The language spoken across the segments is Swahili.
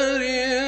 نار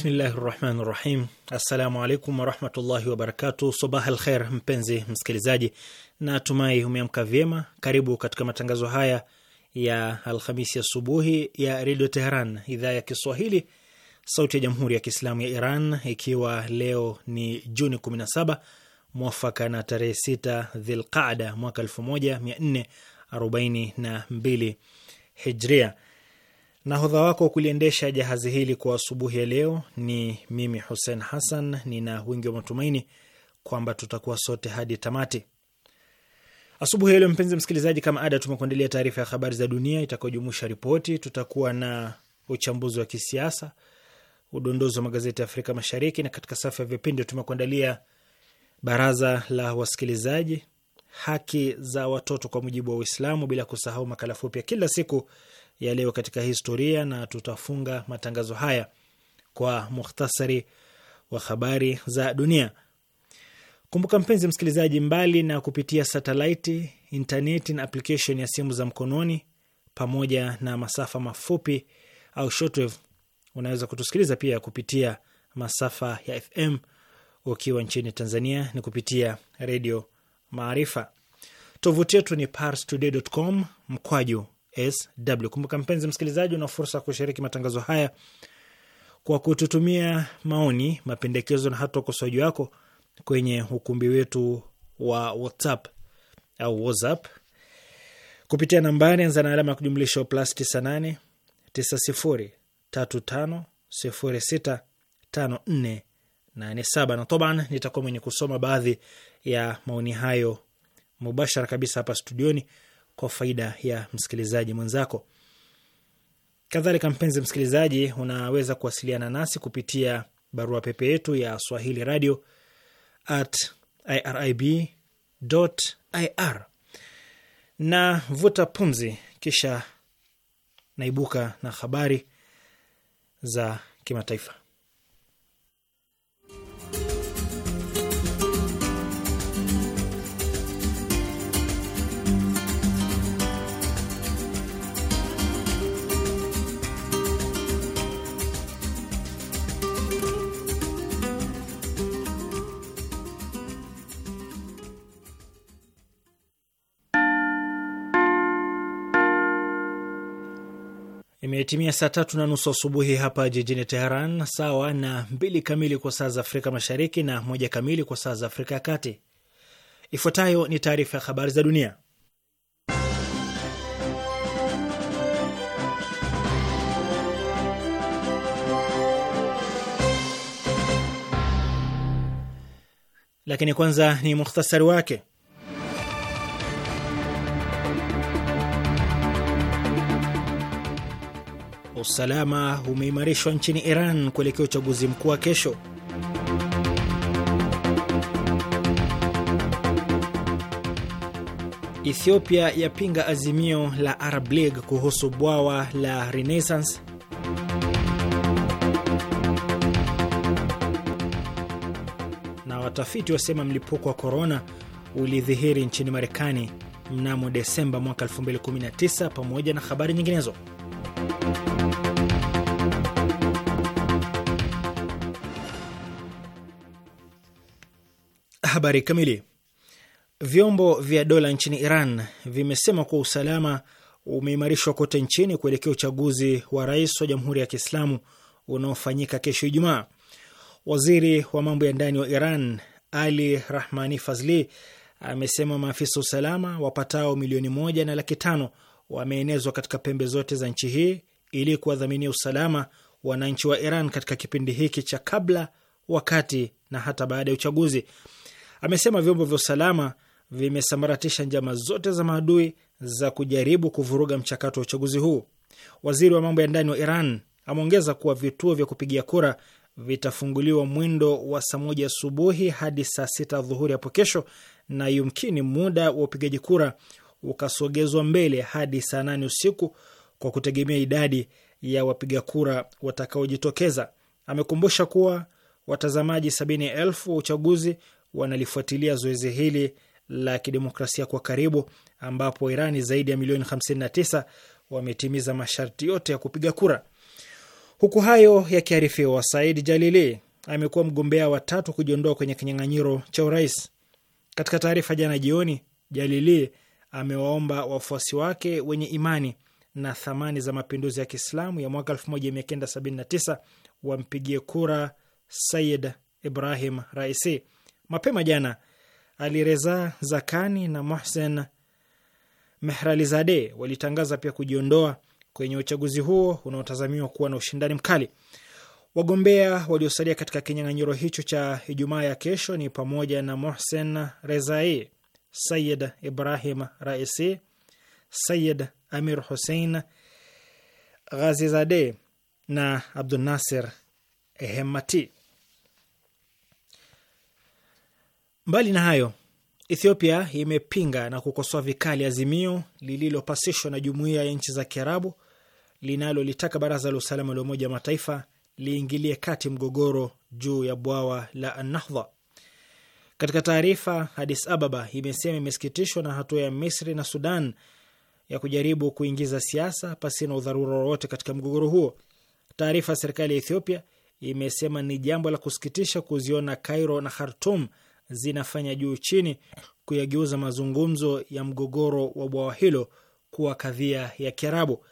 Bismillahi rahmani rahim. Assalamu alaikum warahmatullahi wabarakatu. Sabah al kher, mpenzi msikilizaji, na tumai umeamka vyema. Karibu katika matangazo haya ya Alhamisi asubuhi ya, ya Redio Teheran, idhaa ya Kiswahili, sauti ya Jamhuri ya Kiislamu ya Iran, ikiwa leo ni Juni 17 mwafaka na tarehe 6 Dhilqada mwaka 1442 Hijria. Nahodha wako wa kuliendesha jahazi hili kwa asubuhi ya leo ni mimi Hussein Hassan. Nina wingi wa matumaini kwamba tutakuwa sote hadi tamati asubuhi ya leo. Mpenzi msikilizaji, kama ada, tumekuandalia taarifa ya habari za dunia itakayojumuisha ripoti. Tutakuwa na uchambuzi wa kisiasa, udondozi wa magazeti ya Afrika Mashariki, na katika safu ya vipindi tumekuandalia baraza la wasikilizaji, haki za watoto kwa mujibu wa Uislamu, bila kusahau makala fupi ya kila siku ya leo katika historia, na tutafunga matangazo haya kwa mukhtasari wa habari za dunia. Kumbuka mpenzi msikilizaji, mbali na kupitia satelaiti, intaneti na application ya simu za mkononi pamoja na masafa mafupi au shortwave, unaweza kutusikiliza pia kupitia masafa ya FM ukiwa nchini Tanzania ni kupitia redio Maarifa. Tovuti yetu ni parstoday.com mkwaju sw. Kumbuka mpenzi msikilizaji, una fursa ya kushiriki matangazo haya kwa kututumia maoni, mapendekezo na hata ukosoaji wako kwenye ukumbi wetu wa WhatsApp au WhatsApp kupitia nambari anza na alama ya kujumlisha plus 98 Na toban nitakuwa mwenye kusoma baadhi ya maoni hayo mubashara kabisa hapa studioni kwa faida ya msikilizaji mwenzako. Kadhalika, mpenzi msikilizaji, unaweza kuwasiliana nasi kupitia barua pepe yetu ya swahili radio at irib ir. Na vuta pumzi, kisha naibuka na habari za kimataifa. Imetimia saa tatu na nusu asubuhi hapa jijini Teheran, sawa na mbili kamili kwa saa za Afrika Mashariki na moja kamili kwa saa za Afrika ya Kati. Ifuatayo ni taarifa ya habari za dunia, lakini kwanza ni mukhtasari wake. Usalama umeimarishwa nchini Iran kuelekea uchaguzi mkuu wa kesho. Ethiopia yapinga azimio la Arab League kuhusu bwawa la Renaissance. Na watafiti wasema mlipuko wa korona ulidhihiri nchini Marekani mnamo Desemba mwaka 2019 pamoja na habari nyinginezo. Habari kamili. Vyombo vya dola nchini Iran vimesema kuwa usalama umeimarishwa kote nchini kuelekea uchaguzi wa rais wa Jamhuri ya Kiislamu unaofanyika kesho Ijumaa. Waziri wa mambo ya ndani wa Iran Ali Rahmani Fazli amesema maafisa usalama wapatao milioni moja na laki tano wameenezwa katika pembe zote za nchi hii ili kuwadhaminia usalama wananchi wa Iran katika kipindi hiki cha kabla, wakati na hata baada ya uchaguzi. Amesema vyombo vya usalama vimesambaratisha njama zote za maadui za kujaribu kuvuruga mchakato wa uchaguzi huu. Waziri wa mambo ya ndani wa Iran ameongeza kuwa vituo vya kupigia kura vitafunguliwa mwindo wa saa moja asubuhi hadi saa sita dhuhuri hapo kesho, na yumkini muda wa upigaji kura ukasogezwa mbele hadi saa nane usiku kwa kutegemea idadi ya wapiga kura watakaojitokeza. Amekumbusha kuwa watazamaji sabini elfu wa uchaguzi wanalifuatilia zoezi hili la kidemokrasia kwa karibu, ambapo Irani zaidi ya milioni 59 wametimiza masharti yote ya kupiga kura. Huku hayo yakiarifiwa, Said Jalili amekuwa mgombea wa tatu kujiondoa kwenye kinyang'anyiro cha urais. Katika taarifa jana jioni, Jalili amewaomba wafuasi wake wenye imani na thamani za mapinduzi ya Kiislamu ya mwaka 1979 wampigie kura Said Ibrahim Raisi. Mapema jana Alireza Zakani na Mohsen Mehralizade walitangaza pia kujiondoa kwenye uchaguzi huo unaotazamiwa kuwa na ushindani mkali. Wagombea waliosalia katika kinyang'anyiro hicho cha Ijumaa ya kesho ni pamoja na Mohsen Rezai, Sayid Ibrahim Raisi, Sayid Amir Hussein Ghazizade na Abdunasir Hemati. Mbali na hayo, Ethiopia imepinga na kukosoa vikali azimio lililopasishwa na jumuiya ya nchi za Kiarabu linalolitaka baraza la usalama la Umoja wa Mataifa liingilie kati mgogoro juu ya bwawa la Anahdha. Katika taarifa, Addis Ababa imesema imesikitishwa na hatua ya Misri na Sudan ya kujaribu kuingiza siasa na udharura wowote katika mgogoro huo. Taarifa ya serikali ya Ethiopia imesema ni jambo la kusikitisha kuziona Cairo na Khartum zinafanya juu chini kuyageuza mazungumzo ya mgogoro wa bwawa hilo kuwa kadhia ya Kiarabu.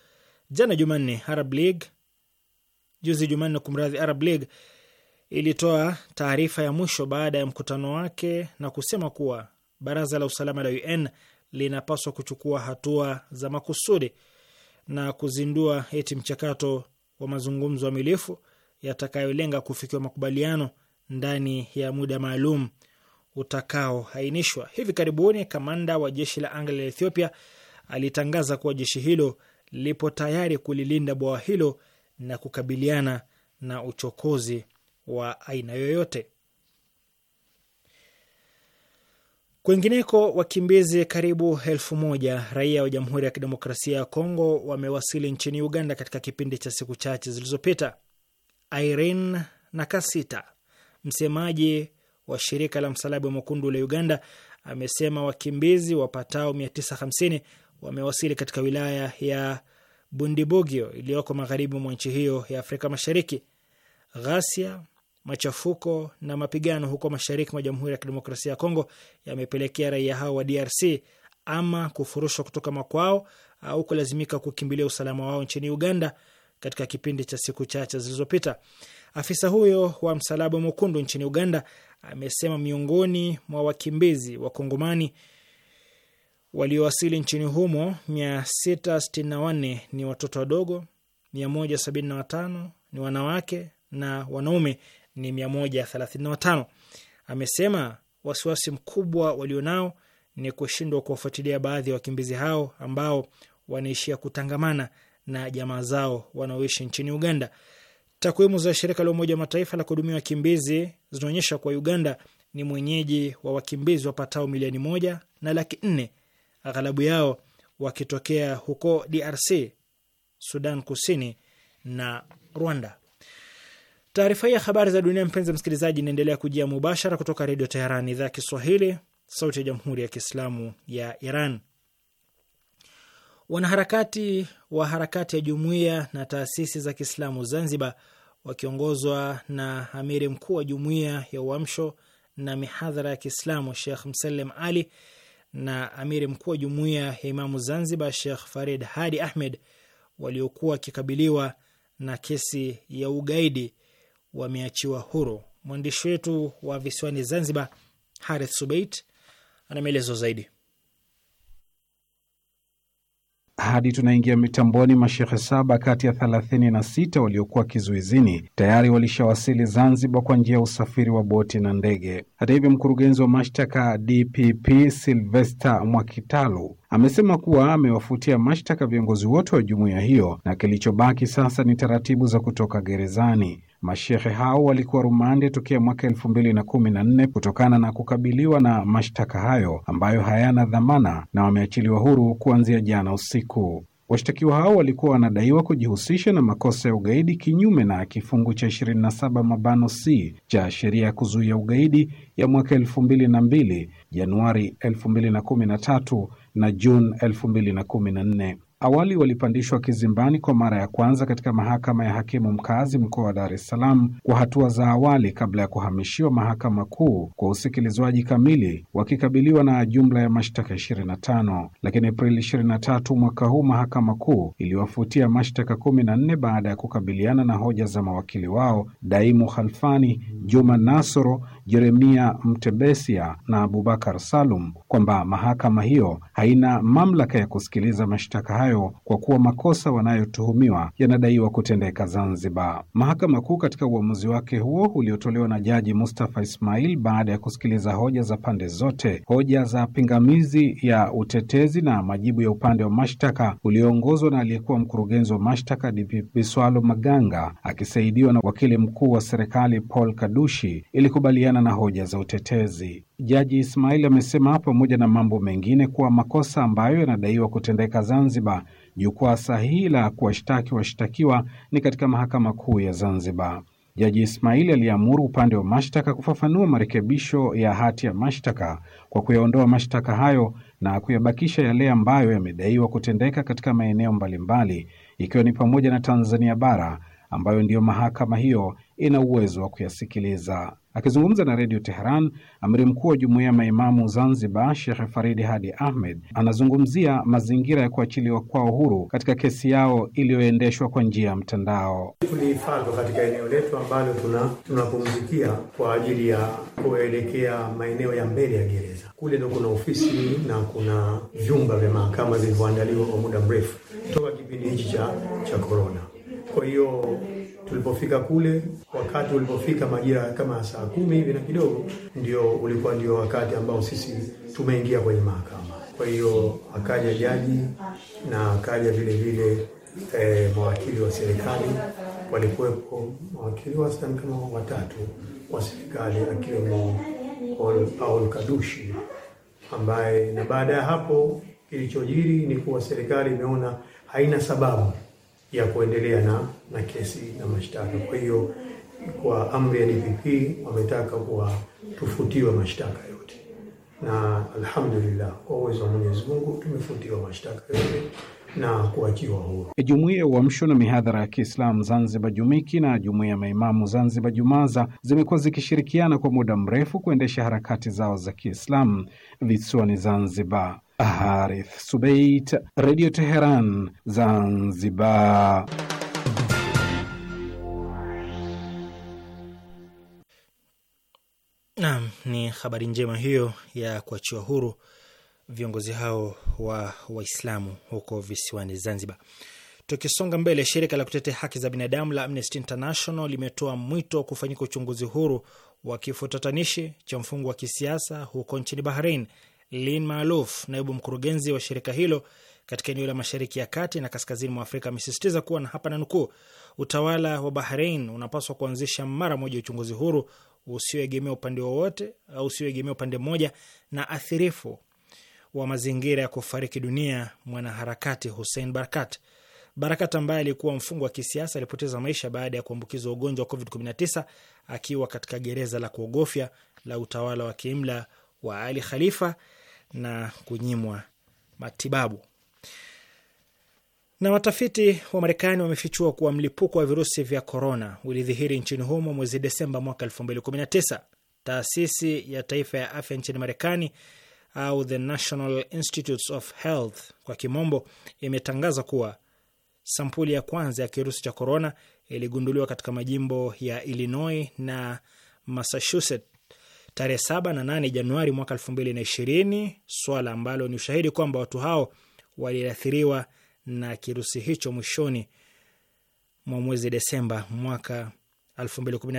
Jana Jumanne, Arab League juzi Jumanne, kumradhi, Arab League ilitoa taarifa ya mwisho baada ya mkutano wake na kusema kuwa baraza la usalama la UN linapaswa kuchukua hatua za makusudi na kuzindua eti mchakato wa mazungumzo amilifu yatakayolenga kufikiwa makubaliano ndani ya muda maalum utakaoainishwa. Hivi karibuni kamanda wa jeshi la anga la Ethiopia alitangaza kuwa jeshi hilo lipo tayari kulilinda bwawa hilo na kukabiliana na uchokozi wa aina yoyote. Kwingineko, wakimbizi karibu elfu moja raia wa Jamhuri ya Kidemokrasia ya Kongo wamewasili nchini Uganda katika kipindi cha siku chache zilizopita. Irene Nakasita, msemaji wa shirika la msalaba mwekundu la Uganda amesema wakimbizi wapatao 950 wamewasili katika wilaya ya Bundibugyo iliyoko magharibi mwa nchi hiyo ya Afrika Mashariki. Ghasia, machafuko na mapigano huko mashariki mwa Jamhuri ya Kidemokrasia ya Kongo yamepelekea raia hao wa DRC ama kufurushwa kutoka makwao au kulazimika kukimbilia usalama wao nchini Uganda katika kipindi cha siku chache zilizopita. Afisa huyo wa Msalaba Mwekundu nchini Uganda amesema miongoni mwa wakimbizi wakongomani waliowasili nchini humo 664 ni watoto wadogo, 175 ni wanawake na wanaume ni 135. Amesema wasiwasi mkubwa walionao ni kushindwa kuwafuatilia baadhi ya wakimbizi hao ambao wanaishia kutangamana na jamaa zao wanaoishi nchini Uganda. Takwimu za shirika la Umoja wa Mataifa la kuhudumia wakimbizi zinaonyesha kuwa Uganda ni mwenyeji wa wakimbizi wapatao milioni moja na laki nne, aghalabu yao wakitokea huko DRC, Sudan Kusini na Rwanda. Taarifa hii ya habari za dunia, mpenzi msikilizaji, inaendelea kujia mubashara kutoka Redio Teherani, idhaa ya Kiswahili, sauti ya Jamhuri ya Kiislamu ya Iran. Wanaharakati wa harakati ya jumuiya na taasisi za Kiislamu Zanzibar wakiongozwa na amiri mkuu wa jumuiya ya Uamsho na mihadhara ya Kiislamu Shekh Mselem Ali na amiri mkuu wa jumuiya ya Imamu Zanzibar Shekh Farid Hadi Ahmed waliokuwa wakikabiliwa na kesi ya ugaidi wameachiwa huru. Mwandishi wetu wa visiwani Zanzibar Harith Subeit ana maelezo zaidi hadi tunaingia mitamboni, mashehe saba kati ya 36 waliokuwa kizuizini tayari walishawasili Zanzibar kwa njia ya usafiri wa boti na ndege. Hata hivyo, mkurugenzi wa mashtaka DPP Silvester Mwakitalu amesema kuwa amewafutia mashtaka viongozi wote wa jumuiya hiyo na kilichobaki sasa ni taratibu za kutoka gerezani. Mashehe hao walikuwa rumande tokea mwaka elfu mbili na kumi na nne kutokana na kukabiliwa na mashtaka hayo ambayo hayana dhamana na wameachiliwa huru kuanzia jana usiku. Washtakiwa hao walikuwa wanadaiwa kujihusisha na makosa ya ugaidi kinyume na kifungu cha 27 mabano c cha sheria ya kuzuia ugaidi ya mwaka 2002 Januari 2013 na Juni 2014. Awali walipandishwa kizimbani kwa mara ya kwanza katika mahakama ya hakimu mkazi mkoa wa Dar es Salaam kwa hatua za awali kabla ya kuhamishiwa mahakama kuu kwa usikilizwaji kamili, wakikabiliwa na jumla ya mashtaka 25. Lakini Aprili 23 mwaka huu mahakama kuu iliwafutia mashtaka 14 baada ya kukabiliana na hoja za mawakili wao Daimu Khalfani, Juma Nasoro, Jeremia Mtebesia na Abubakar Salum kwamba mahakama hiyo haina mamlaka ya kusikiliza mashtaka hayo hayo kwa kuwa makosa wanayotuhumiwa yanadaiwa kutendeka Zanzibar. Mahakama Kuu katika uamuzi wake huo uliotolewa na Jaji Mustafa Ismail baada ya kusikiliza hoja za pande zote, hoja za pingamizi ya utetezi na majibu ya upande wa mashtaka ulioongozwa na aliyekuwa mkurugenzi wa mashtaka DPP Maganga akisaidiwa na wakili mkuu wa serikali Paul Kadushi ilikubaliana na hoja za utetezi. Jaji Ismail amesema pamoja na mambo mengine kuwa makosa ambayo yanadaiwa kutendeka Zanzibar, jukwaa sahihi la kuwashtaki washtakiwa ni katika mahakama kuu ya Zanzibar. Jaji Ismail aliamuru upande wa mashtaka kufafanua marekebisho ya hati ya mashtaka kwa kuyaondoa mashtaka hayo na kuyabakisha yale ambayo yamedaiwa kutendeka katika maeneo mbalimbali, ikiwa ni pamoja na Tanzania bara ambayo ndiyo mahakama hiyo ina uwezo wa kuyasikiliza. Akizungumza na redio Teheran, amiri mkuu wa jumuiya ya maimamu Zanzibar, Shekhe Faridi Hadi Ahmed, anazungumzia mazingira ya kuachiliwa kwao huru katika kesi yao iliyoendeshwa kwa njia ya mtandao. Tulihifadhwa katika eneo letu ambalo tunapumzikia tuna kwa ajili ya kuelekea maeneo ya mbele ya gereza. Kule ndo kuna ofisi na kuna vyumba vya mahakama vilivyoandaliwa kwa muda mrefu toka kipindi hichi cha korona. Kwa hiyo Tulipofika kule, wakati ulipofika majira kama saa kumi hivi na kidogo, ndio ulikuwa ndio wakati ambao sisi tumeingia kwenye mahakama. Kwa hiyo akaja jaji na akaja vile vile e, mawakili wa serikali walikuwepo, mawakili wastani kama watatu wa serikali akiwemo Paul Kadushi ambaye, na baada ya hapo, kilichojiri ni kuwa serikali imeona haina sababu ya kuendelea na, na kesi na mashtaka. Kwa hiyo kwa amri ya DPP wametaka tufutiwe mashtaka yote, na alhamdulillah kwa uwezo wa Mwenyezi Mungu tumefutiwa mashtaka yote na kuachiwa huru. E, Jumuiya ya Uamsho na Mihadhara ya Kiislamu Zanzibar Jumiki na Jumuiya ya Maimamu Zanzibar Jumaza zimekuwa zikishirikiana kwa muda mrefu kuendesha harakati zao za Kiislamu visiwani Zanzibar. Harith Subeit, Radio Teheran, Zanzibar. Naam, ni habari njema hiyo ya kuachiwa huru viongozi hao wa Waislamu huko visiwani Zanzibar. Tukisonga mbele, shirika la kutetea haki za binadamu la Amnesty International limetoa mwito wa kufanyika uchunguzi huru wa kifo tatanishi cha mfungo wa kisiasa huko nchini Bahrain Lin Maaluf, naibu mkurugenzi wa shirika hilo katika eneo la mashariki ya kati na kaskazini mwa Afrika, amesisitiza kuwa na hapa na nukuu, utawala wa Bahrain unapaswa kuanzisha mara moja uchunguzi huru usioegemea upande wowote au usioegemea upande mmoja na athirifu wa mazingira ya kufariki dunia mwanaharakati Hussein Barakat. Barakat ambaye alikuwa mfungwa wa kisiasa alipoteza maisha baada ya kuambukizwa ugonjwa wa COVID-19 akiwa katika gereza la kuogofya la utawala wa kiimla wa Ali Khalifa na kunyimwa matibabu. Na watafiti wa Marekani wamefichua kuwa mlipuko wa virusi vya korona ulidhihiri nchini humo mwezi Desemba mwaka 2019. Taasisi ya Taifa ya Afya nchini Marekani au the National Institutes of Health kwa kimombo imetangaza kuwa sampuli ya kwanza ya kirusi cha korona iligunduliwa katika majimbo ya Illinois na Massachusetts tarehe saba na nane Januari mwaka ishirini, swala ambalo ni ushahidi kwamba watu hao waliathiriwa na kirusi hicho mwishoni mwa mwezi Desemba mwaka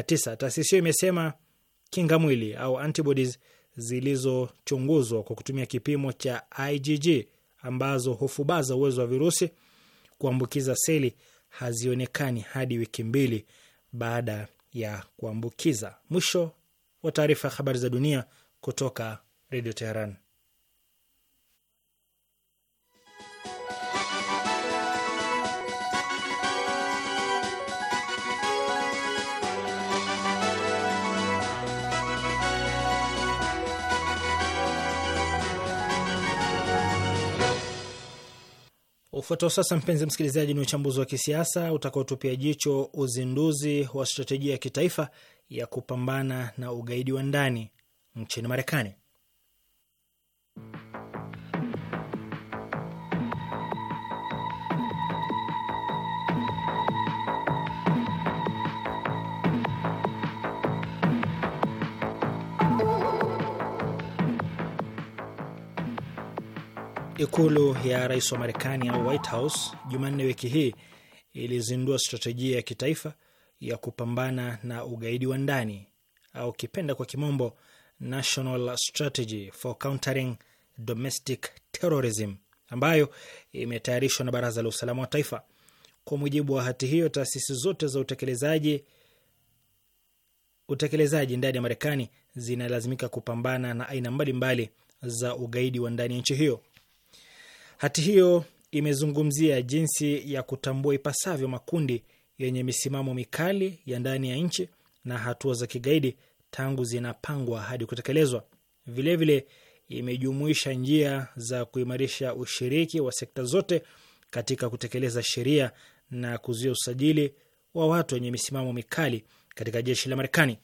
tisa. Taasisi hiyo imesema kinga mwili au antibodies zilizochunguzwa kwa kutumia kipimo cha IgG ambazo hufubaza uwezo wa virusi kuambukiza seli hazionekani hadi wiki mbili baada ya kuambukiza. Mwisho wa taarifa ya habari za dunia kutoka Redio Teheran. Ufuatao sasa, mpenzi msikilizaji, ni uchambuzi wa kisiasa utakaotupia jicho uzinduzi wa stratejia ya kitaifa ya kupambana na ugaidi wa ndani nchini Marekani. Ikulu ya rais wa Marekani au White House Jumanne wiki hii ilizindua stratejia ya kitaifa ya kupambana na ugaidi wa ndani au kipenda kwa kimombo National Strategy for Countering Domestic Terrorism ambayo imetayarishwa na Baraza la Usalama wa Taifa. Kwa mujibu wa hati hiyo, taasisi zote za utekelezaji utekelezaji ndani ya Marekani zinalazimika kupambana na aina mbalimbali za ugaidi wa ndani ya nchi hiyo. Hati hiyo imezungumzia jinsi ya kutambua ipasavyo makundi yenye misimamo mikali ya ndani ya nchi na hatua za kigaidi tangu zinapangwa hadi kutekelezwa. Vilevile imejumuisha njia za kuimarisha ushiriki wa sekta zote katika kutekeleza sheria na kuzuia usajili wa watu wenye misimamo mikali katika jeshi la Marekani.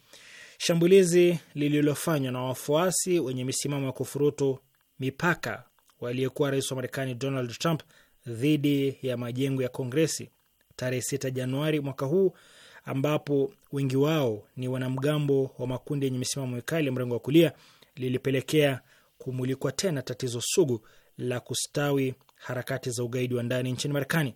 Shambulizi lililofanywa na wafuasi wenye misimamo ya kufurutu mipaka waliyekuwa rais wa Marekani Donald Trump dhidi ya majengo ya Kongresi tarehe 6 Januari mwaka huu, ambapo wengi wao ni wanamgambo wa makundi yenye misimamo mikali mrengo wa kulia, lilipelekea kumulikwa tena tatizo sugu la kustawi harakati za ugaidi wa ndani nchini Marekani.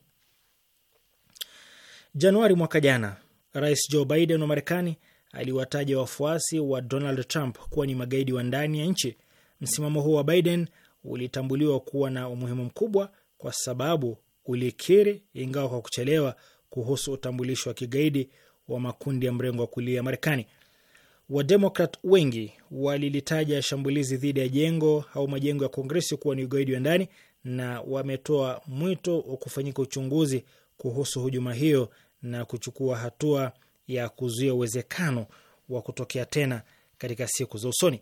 Januari mwaka jana, Rais Joe Biden wa Marekani aliwataja wafuasi wa Donald Trump kuwa ni magaidi wa ndani ya nchi. Msimamo huo wa Biden ulitambuliwa kuwa na umuhimu mkubwa kwa sababu ulikiri ingawa kwa kuchelewa kuhusu utambulisho wa kigaidi wa makundi ya mrengo wa kulia ya Marekani. Wademokrat wengi walilitaja shambulizi dhidi ya jengo au majengo ya Kongresi kuwa ni ugaidi wa ndani na wametoa mwito wa kufanyika uchunguzi kuhusu hujuma hiyo na kuchukua hatua ya kuzuia uwezekano wa kutokea tena katika siku za usoni.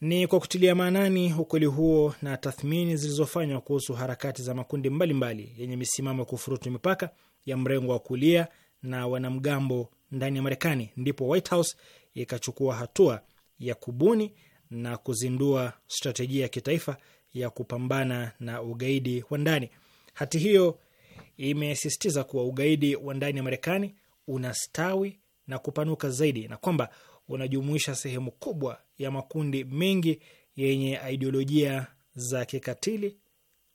Ni kwa kutilia maanani ukweli huo na tathmini zilizofanywa kuhusu harakati za makundi mbalimbali mbali yenye misimamo ya kufurutu mipaka ya mrengo wa kulia na wanamgambo ndani ya Marekani, ndipo White House ikachukua hatua ya kubuni na kuzindua strategia ya kitaifa ya kupambana na ugaidi wa ndani. Hati hiyo imesisitiza kuwa ugaidi wa ndani ya Marekani unastawi na kupanuka zaidi na kwamba unajumuisha sehemu kubwa ya makundi mengi yenye ideolojia za kikatili,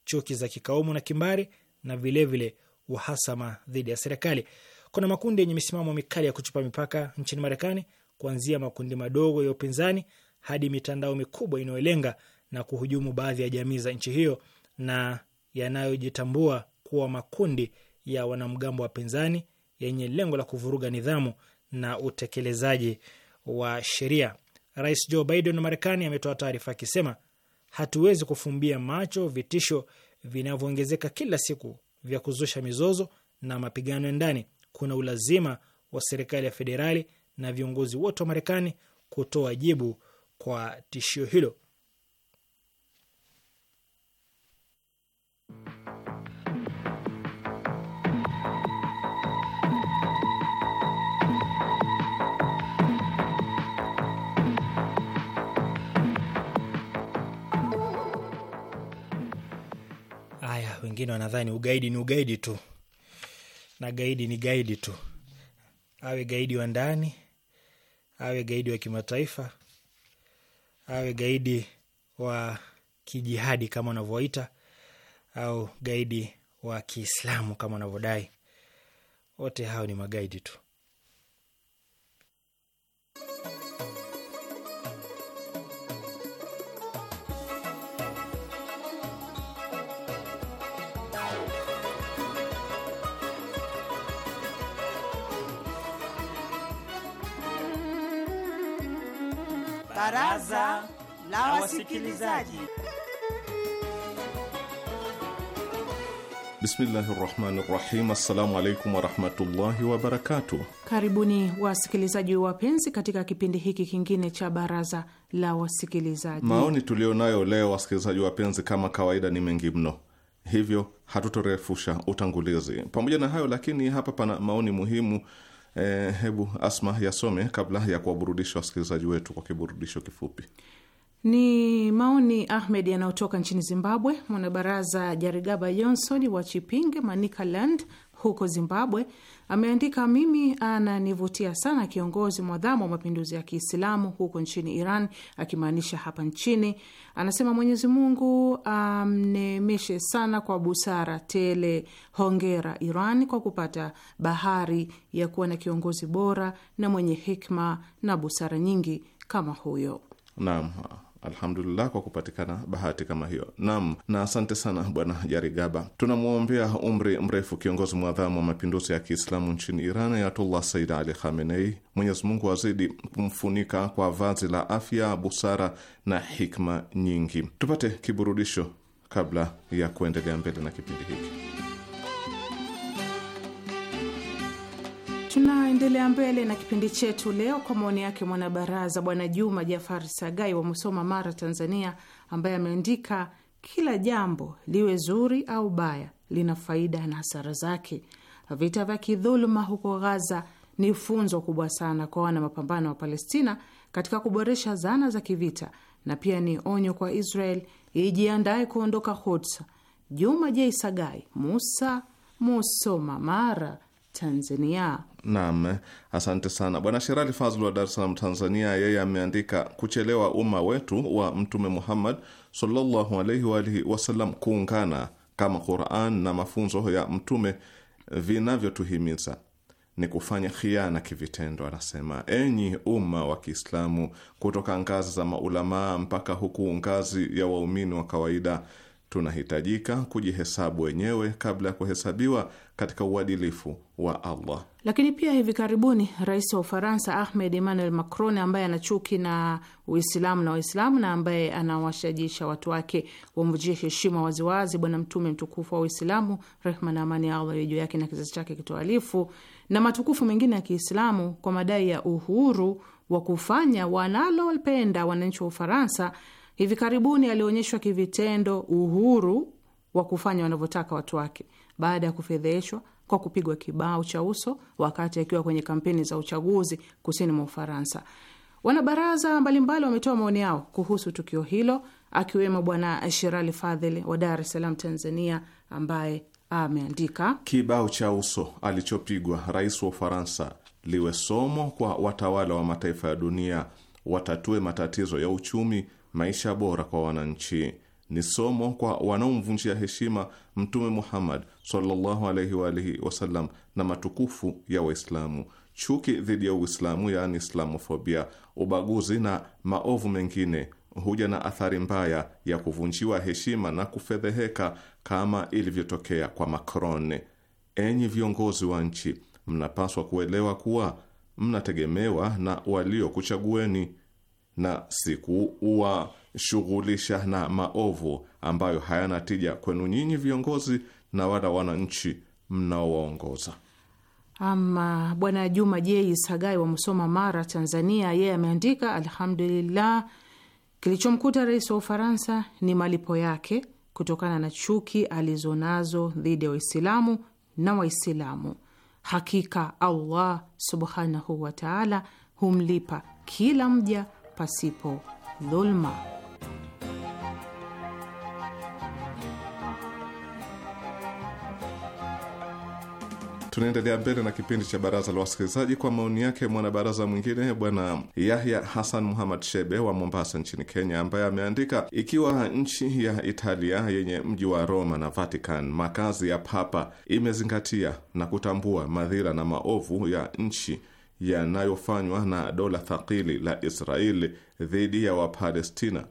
chuki za kikaumu na kimbari, na vilevile vile uhasama dhidi ya serikali. Kuna makundi yenye misimamo mikali ya kuchupa mipaka nchini Marekani, kuanzia makundi madogo ya upinzani hadi mitandao mikubwa inayolenga na kuhujumu baadhi ya jamii za nchi hiyo na yanayojitambua kuwa makundi ya wanamgambo wapinzani yenye lengo la kuvuruga nidhamu na utekelezaji wa sheria. Rais Joe Biden wa Marekani ametoa taarifa akisema, hatuwezi kufumbia macho vitisho vinavyoongezeka kila siku vya kuzusha mizozo na mapigano ya ndani. Kuna ulazima wa serikali ya federali na viongozi wote wa Marekani kutoa jibu kwa tishio hilo. wengine wanadhani ugaidi ni ugaidi tu na gaidi ni gaidi tu, awe gaidi wa ndani, awe gaidi wa kimataifa, awe gaidi wa kijihadi kama wanavyoita, au gaidi wa Kiislamu kama wanavyodai, wote hao ni magaidi tu. Baraza la Wasikilizaji. Bismillahi rahmani rahim. Assalamu alaikum warahmatullahi wabarakatuh. Karibuni wasikilizaji wapenzi, katika kipindi hiki kingine cha baraza la wasikilizaji. Maoni tulionayo leo, wasikilizaji wapenzi, kama kawaida ni mengi mno, hivyo hatutorefusha utangulizi. Pamoja na hayo lakini, hapa pana maoni muhimu E, hebu Asma yasome kabla ya kuwaburudisha wasikilizaji wetu kwa kiburudisho kifupi. Ni maoni Ahmed yanayotoka nchini Zimbabwe. Mwanabaraza Jarigaba Johnson wa Chipinge, Manicaland huko Zimbabwe ameandika mimi ah, ananivutia sana kiongozi mwadhamu wa mapinduzi ya Kiislamu huko nchini Iran, akimaanisha hapa nchini. Anasema Mwenyezi Mungu amneemeshe um, sana kwa busara tele. Hongera Iran kwa kupata bahari ya kuwa na kiongozi bora na mwenye hikma na busara nyingi kama huyo. Naam, Alhamdulillah kwa kupatikana bahati kama hiyo. Naam, na asante sana Bwana Jarigaba. Tunamwombea umri mrefu kiongozi mwadhamu wa mapinduzi ya Kiislamu nchini Iran, Ayatullah Said Ali Khamenei. Mwenyezi Mungu azidi kumfunika kwa vazi la afya, busara na hikma nyingi. Tupate kiburudisho kabla ya kuendelea mbele na kipindi hiki. Tunaendelea mbele na kipindi chetu leo kwa maoni yake mwanabaraza Bwana Juma Jafari Sagai wa Musoma, Mara, Tanzania, ambaye ameandika kila jambo liwe zuri au baya, lina faida na hasara zake. Vita vya kidhuluma huko Ghaza ni funzo kubwa sana kwa wana mapambano wa Palestina katika kuboresha zana za kivita na pia ni onyo kwa Israel ijiandaye kuondoka Hotsa. Juma J Sagai, Musa, Musoma, Mara, Tanzania. Naam, asante sana bwana Sherali Fazl wa Dar es Salaam, Tanzania. Yeye ameandika kuchelewa umma wetu wa Mtume Muhammad sallallahu alaihi wa alihi wasallam kuungana kama Quran na mafunzo ya Mtume vinavyotuhimiza ni kufanya khiana kivitendo. Anasema, enyi umma wa Kiislamu, kutoka ngazi za maulamaa mpaka huku ngazi ya waumini wa kawaida, tunahitajika kujihesabu wenyewe kabla ya kuhesabiwa katika uadilifu wa Allah. Lakini pia hivi karibuni rais wa Ufaransa Ahmed Emmanuel Macron, ambaye ana chuki na Uislamu na Waislamu na ambaye anawashajisha watu wake wamvujie heshima waziwazi Bwana Mtume mtukufu wa Uislamu, rehma na amani ya Allah juu yake na kizazi chake kitoalifu, na matukufu mengine ya Kiislamu kwa madai ya uhuru wa kufanya wanalopenda wananchi wa Ufaransa, hivi karibuni alionyeshwa kivitendo uhuru wa kufanya wanavyotaka watu wake baada ya kufedheheshwa kwa kupigwa kibao cha uso wakati akiwa kwenye kampeni za uchaguzi kusini mwa Ufaransa. Wanabaraza mbalimbali wametoa maoni yao kuhusu tukio hilo, akiwemo Bwana Shirali Fadhili wa Dar es Salaam, Tanzania, ambaye ameandika kibao cha uso alichopigwa rais wa Ufaransa liwe somo kwa watawala wa mataifa ya dunia, watatue matatizo ya uchumi, maisha bora kwa wananchi. Ni somo kwa wanaomvunjia heshima Mtume Muhammad sallallahu alaihi wa alihi wasallam na matukufu ya Waislamu. Chuki dhidi ya Uislamu, yaani islamofobia, ubaguzi na maovu mengine huja na athari mbaya ya kuvunjiwa heshima na kufedheheka kama ilivyotokea kwa Macron. Enyi viongozi wa nchi, mnapaswa kuelewa kuwa mnategemewa na waliokuchagueni na si kuwashughulisha na maovu ambayo hayana tija kwenu nyinyi viongozi na wala wananchi mnaowaongoza. Ama Bwana Juma Jei Sagai wa Musoma, Mara, Tanzania, yeye ameandika alhamdulillah, kilichomkuta rais wa Ufaransa ni malipo yake kutokana na chuki alizonazo dhidi ya Waislamu na Waislamu. Hakika Allah subhanahu wataala humlipa kila mja pasipo dhulma. Tunaendelea mbele na kipindi cha baraza la wasikilizaji kwa maoni yake mwanabaraza mwingine bwana Yahya Hasan Muhamad Shebe wa Mombasa nchini Kenya, ambaye ameandika ikiwa nchi ya Italia yenye mji wa Roma na Vatican makazi ya Papa imezingatia na kutambua madhira na maovu ya nchi yanayofanywa na dola thakili la Israeli dhidi ya Wapalestina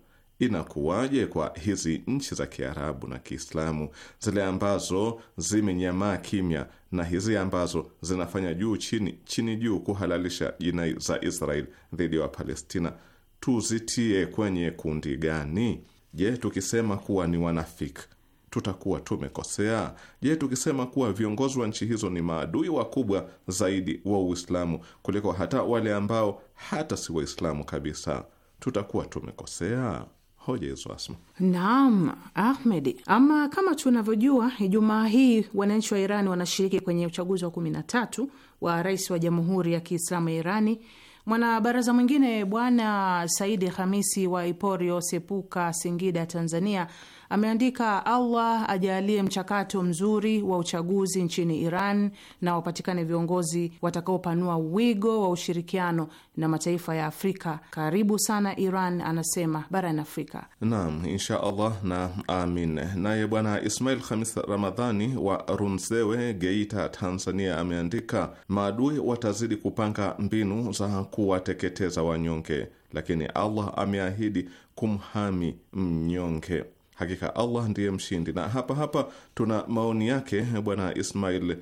Inakuwaje kwa hizi nchi za Kiarabu na Kiislamu, zile ambazo zimenyamaa kimya na hizi ambazo zinafanya juu chini chini juu kuhalalisha jinai za Israel dhidi ya Wapalestina, tuzitie kwenye kundi gani? Je, tukisema kuwa ni wanafik tutakuwa tumekosea? Je, tukisema kuwa viongozi wa nchi hizo ni maadui wakubwa zaidi wa Uislamu kuliko hata wale ambao hata si Waislamu kabisa, tutakuwa tumekosea? hoja hizo Asma. Naam, Ahmed, ama kama tunavyojua, Ijumaa hii wananchi wa Irani wanashiriki kwenye uchaguzi wa kumi na tatu wa rais wa Jamhuri ya Kiislamu ya Irani. Mwanabaraza mwingine Bwana Saidi Hamisi wa Iporio Sepuka, Singida, Tanzania, Ameandika, Allah ajalie mchakato mzuri wa uchaguzi nchini Iran na wapatikane viongozi watakaopanua wigo wa ushirikiano na mataifa ya Afrika. Karibu sana Iran, anasema barani Afrika. Naam, insha Allah na amin. Naye bwana Ismail Khamis Ramadhani wa Runzewe, Geita, Tanzania, ameandika, maadui watazidi kupanga mbinu za kuwateketeza wanyonge, lakini Allah ameahidi kumhami mnyonge. Hakika Allah ndiye mshindi. Na hapa hapa tuna maoni yake Bwana Ismail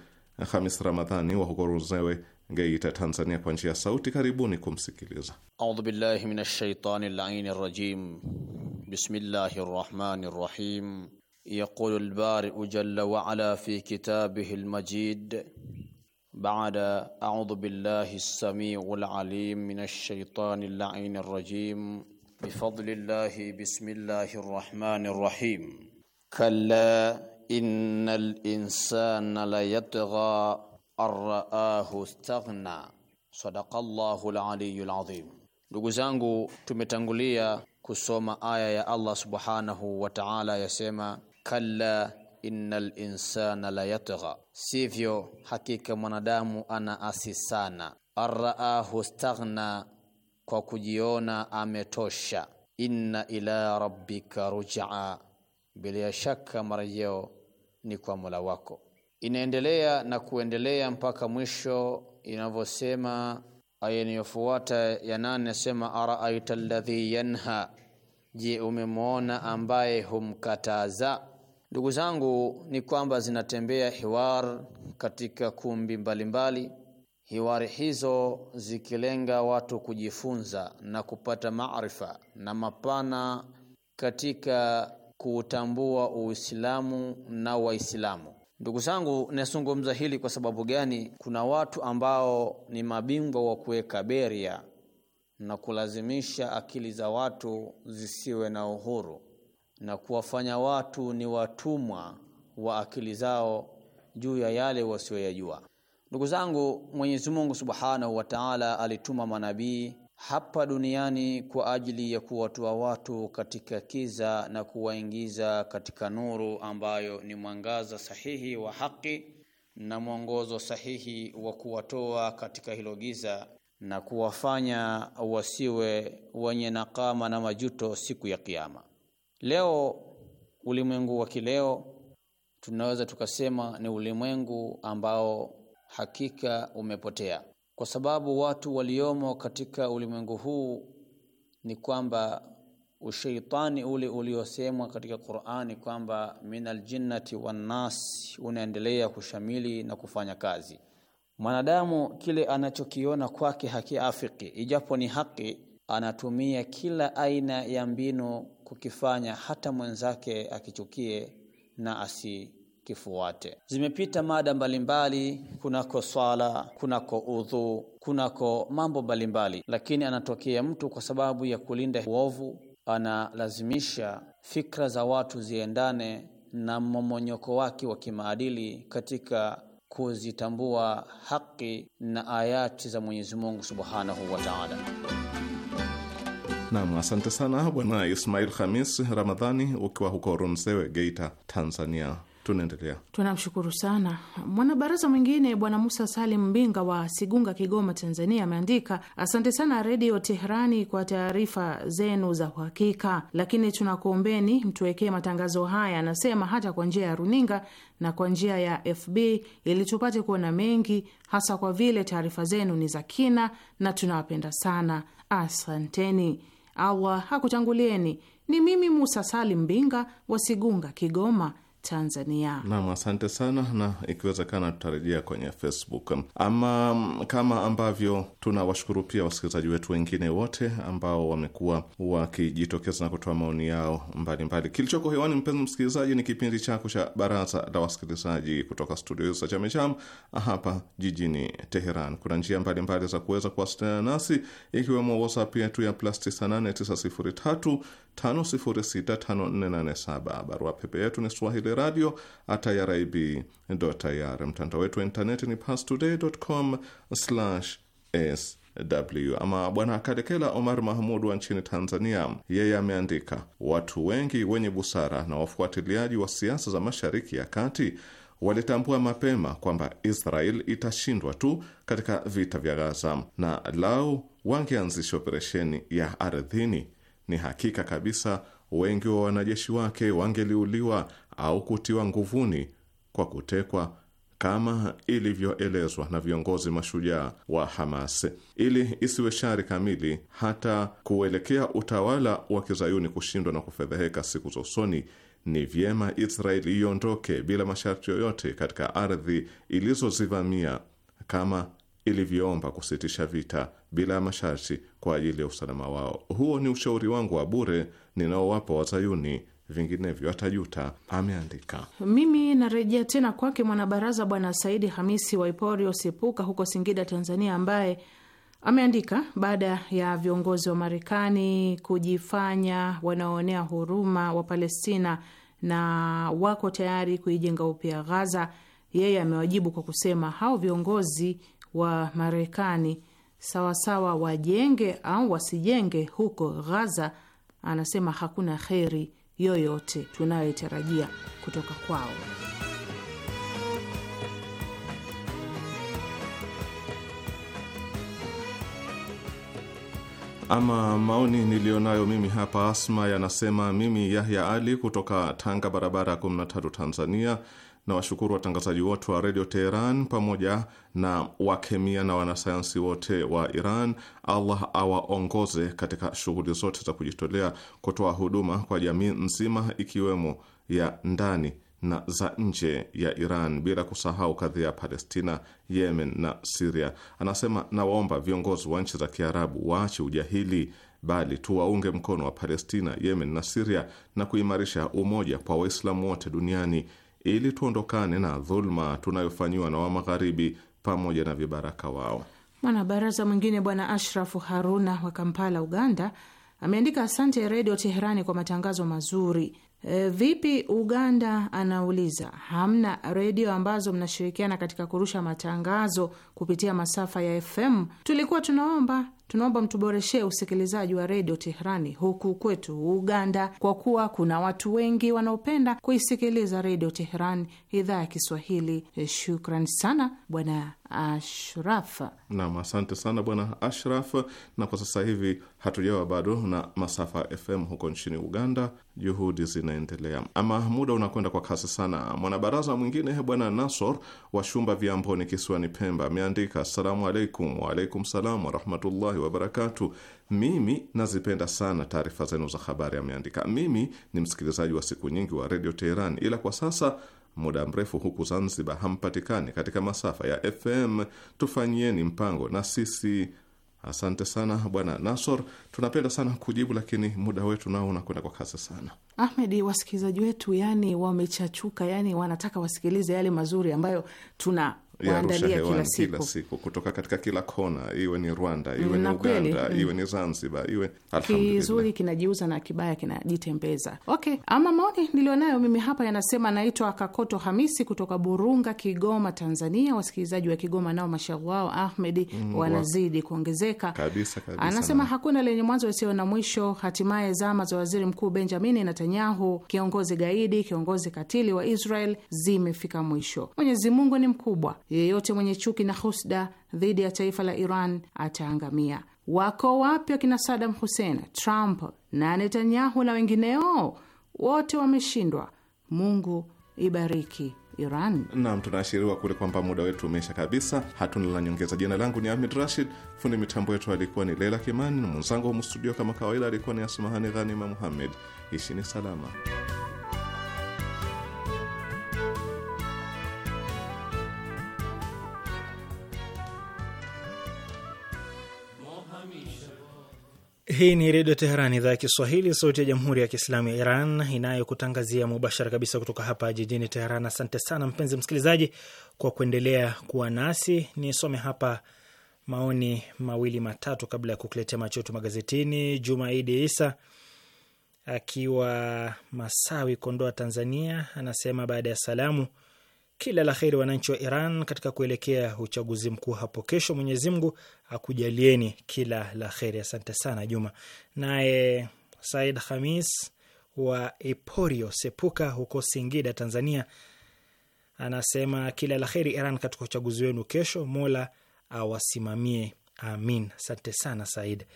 Hamis Ramadhani wa huko Runzewe, Geita, Tanzania, kwa njia ya sauti. Karibuni kumsikiliza. Audhu billahi minash shaitani laini rajim. Bismillahi rahmani rahim. Yaqulu albariu jalla waala fi kitabihi almajid bada audhu billahi samiu alalim minash shaitani laini rajim بفضل الله بسم الله الرحمن الرحيم كلا إن الإنسان ليطغى أن رآه استغنى صدق الله العلي العظيم لغزانغو تمتنغليا كسوما آية يا الله سبحانه وتعالى يسمى كلا إن الإنسان ليطغى سيفيو حقيقة منادام أنا أسي سانا أرآه استغنى kwa kujiona ametosha. Inna ila rabbika rujaa, bila shaka marejeo ni kwa Mola wako. Inaendelea na kuendelea mpaka mwisho inavyosema aya inayofuata ya nane, sema araaita alladhi yanha, je, umemwona ambaye humkataza? Ndugu zangu, ni kwamba zinatembea hiwar katika kumbi mbalimbali mbali hiwari hizo zikilenga watu kujifunza na kupata maarifa na mapana katika kuutambua Uislamu na Waislamu. Ndugu zangu, nasungumza hili kwa sababu gani? Kuna watu ambao ni mabingwa wa kuweka beria na kulazimisha akili za watu zisiwe na uhuru na kuwafanya watu ni watumwa wa akili zao juu ya yale wasiyoyajua. Ndugu zangu, Mwenyezi Mungu Subhanahu wa Ta'ala alituma manabii hapa duniani kwa ajili ya kuwatoa watu katika kiza na kuwaingiza katika nuru ambayo ni mwangaza sahihi wa haki na mwongozo sahihi wa kuwatoa katika hilo giza na kuwafanya wasiwe wenye nakama na majuto siku ya Kiyama. Leo ulimwengu wa kileo tunaweza tukasema ni ulimwengu ambao hakika umepotea, kwa sababu watu waliomo katika ulimwengu huu ni kwamba usheitani ule uliosemwa katika Qur'ani kwamba minal jinnati wan nas unaendelea kushamili na kufanya kazi. Mwanadamu kile anachokiona kwake hakiafiki, ijapo ni haki, anatumia kila aina ya mbinu kukifanya, hata mwenzake akichukie na asi kifuate. Zimepita mada mbalimbali kunako swala, kunako udhu, kunako mambo mbalimbali, lakini anatokea mtu kwa sababu ya kulinda uovu analazimisha fikra za watu ziendane na mmomonyoko wake wa kimaadili katika kuzitambua haki na ayati za Mwenyezi Mungu Subhanahu wa Ta'ala. Naam, asante sana Bwana Ismail Khamis Ramadhani ukiwa huko Runzewe, Geita, Tanzania. Tunaendelea. Tunamshukuru sana mwanabaraza mwingine Bwana Musa Salim Mbinga wa Sigunga, Kigoma, Tanzania, ameandika asante sana Redio Teherani kwa taarifa zenu za uhakika, lakini tunakuombeni mtuwekee matangazo haya, anasema hata kwa njia ya runinga na kwa njia ya FB ili tupate kuona mengi, hasa kwa vile taarifa zenu ni za kina na tunawapenda sana. Asanteni, Allah hakutangulieni. Ni mimi Musa Salim Mbinga wa Sigunga, Kigoma. Tanzania. Naam, asante sana, na ikiwezekana tutarejea kwenye Facebook. Ama kama ambavyo tunawashukuru pia wasikilizaji wetu wengine wote ambao wamekuwa wakijitokeza na kutoa maoni yao mbalimbali. Kilichoko hewani, mpenzi msikilizaji, ni kipindi chako cha Baraza la Wasikilizaji kutoka studio hizo za Chamecham hapa jijini Teheran. Kuna njia mbalimbali mbali za kuweza kuwasiliana nasi, ikiwemo WhatsApp yetu ya plus 989035065487. Barua pepe yetu ni swahili swahili radio at irib ir. Mtandao wetu wa intaneti ni pastoday.com sw. Ama bwana Kalekela Omar Mahmud wa nchini Tanzania, yeye ameandika, watu wengi wenye busara na wafuatiliaji wa siasa za mashariki ya kati walitambua mapema kwamba Israel itashindwa tu katika vita vya Gaza, na lau wangeanzisha operesheni ya ardhini, ni hakika kabisa wengi wa wanajeshi wake wangeliuliwa au kutiwa nguvuni kwa kutekwa kama ilivyoelezwa na viongozi mashujaa wa Hamas ili isiwe shari kamili hata kuelekea utawala wa kizayuni kushindwa na kufedheheka siku za usoni. Ni vyema Israeli iondoke bila masharti yoyote katika ardhi ilizozivamia kama ilivyoomba kusitisha vita bila ya masharti kwa ajili ya usalama wao. Huo ni ushauri wangu wa bure ninaowapa wazayuni vinginevyo atajuta, ameandika. Mimi narejea tena kwake mwanabaraza Bwana Saidi Hamisi Waiporio Sepuka huko Singida, Tanzania, ambaye ameandika baada ya viongozi wa Marekani kujifanya wanaoonea huruma wa Palestina na wako tayari kuijenga upya Ghaza, yeye amewajibu kwa kusema hao viongozi wa Marekani sawasawa, wajenge au wasijenge huko Ghaza, anasema hakuna kheri yoyote tunayoitarajia kutoka kwao. Ama maoni niliyonayo mimi hapa, Asma yanasema, mimi Yahya Ali kutoka Tanga, barabara ya 13 Tanzania na washukuru watangazaji wote wa redio Teheran pamoja na wakemia na wanasayansi wote wa Iran. Allah awaongoze katika shughuli zote za kujitolea kutoa huduma kwa jamii nzima, ikiwemo ya ndani na za nje ya Iran, bila kusahau kadhia ya Palestina, Yemen na Siria. Anasema, nawaomba viongozi wa nchi za Kiarabu waache ujahili bali tuwaunge mkono wa Palestina, Yemen na Siria na kuimarisha umoja kwa Waislamu wote duniani ili tuondokane na dhuluma tunayofanyiwa na wa Magharibi pamoja na vibaraka wao. Mwanabaraza mwingine Bwana Ashrafu Haruna wa Kampala, Uganda, ameandika asante Redio Teherani kwa matangazo mazuri. E, vipi Uganda? Anauliza, hamna redio ambazo mnashirikiana katika kurusha matangazo kupitia masafa ya FM? Tulikuwa tunaomba tunaomba mtuboreshee usikilizaji wa redio Teherani huku kwetu Uganda, kwa kuwa kuna watu wengi wanaopenda kuisikiliza redio Teherani idhaa ya Kiswahili. Eh, shukran sana bwana Ashraf. Naam, asante sana bwana Ashraf. Na kwa sasa hivi hatujawa bado na masafa FM huko nchini Uganda juhudi zinaendelea. Ama muda unakwenda kwa kasi sana. Mwanabaraza mwingine Bwana Nasor wa Shumba Viamboni kisiwani Pemba ameandika assalamu alaikum. Waalaikum salam warahmatullahi wabarakatu. Mimi nazipenda sana taarifa zenu za habari, ameandika. Mimi ni msikilizaji wa siku nyingi wa Redio Teheran, ila kwa sasa muda mrefu huku Zanzibar hampatikani katika masafa ya FM. Tufanyieni mpango na sisi Asante sana bwana Nasor, tunapenda sana kujibu, lakini muda wetu nao unakwenda kwa kasi sana. Ahmed, wasikilizaji wetu yani wamechachuka, yani wanataka wasikilize yale mazuri ambayo tuna ya Arusha hewani kila siku kutoka katika kila kona, iwe ni Rwanda, iwe ni Uganda mm, iwe ni Zanzibar, iwe kizuri kinajiuza na kibaya kinajitembeza. Okay, ama maoni nilionayo mimi hapa yanasema, anaitwa Kakoto Hamisi kutoka Burunga, Kigoma, Tanzania. Wasikilizaji wa Kigoma nao mashawao Ahmed mm, wanazidi kuongezeka kabisa, kabisa. Anasema na hakuna lenye mwanzo isiyo na mwisho. Hatimaye zama za waziri mkuu Benjamini Netanyahu, kiongozi gaidi, kiongozi katili wa Israel zimefika mwisho. Mwenyezi Mungu ni mkubwa. Yeyote mwenye chuki na husda dhidi ya taifa la Iran ataangamia. Wako wapi wakina Sadam Hussein, Trump na Netanyahu na wengineo? Wote wameshindwa. Mungu ibariki Iran. Naam, tunaashiriwa kule kwamba muda wetu umeisha kabisa, hatuna la nyongeza. Jina langu ni Ahmed Rashid, fundi mitambo yetu alikuwa ni Leila Kimani, na mwenzangu wa mstudio kama kawaida alikuwa ni asumahani Ghanima Muhammed. Ishini salama. Hii ni Redio Teheran, idhaa ya Kiswahili, sauti ya Jamhuri ya Kiislamu ya Iran inayokutangazia mubashara kabisa kutoka hapa jijini Teheran. Asante sana mpenzi msikilizaji kwa kuendelea kuwa nasi. Nisome hapa maoni mawili matatu kabla ya kukuletea macho yetu magazetini. Jumaidi Isa akiwa Masawi, Kondoa, Tanzania, anasema baada ya salamu, kila la heri wananchi wa Iran katika kuelekea uchaguzi mkuu hapo kesho. Mwenyezi Mungu akujalieni kila la kheri Asante sana Juma. Naye Said Hamis wa Eporio Sepuka huko Singida, Tanzania, anasema kila la kheri Iran katika uchaguzi wenu kesho, Mola awasimamie, amin. Asante sana Said.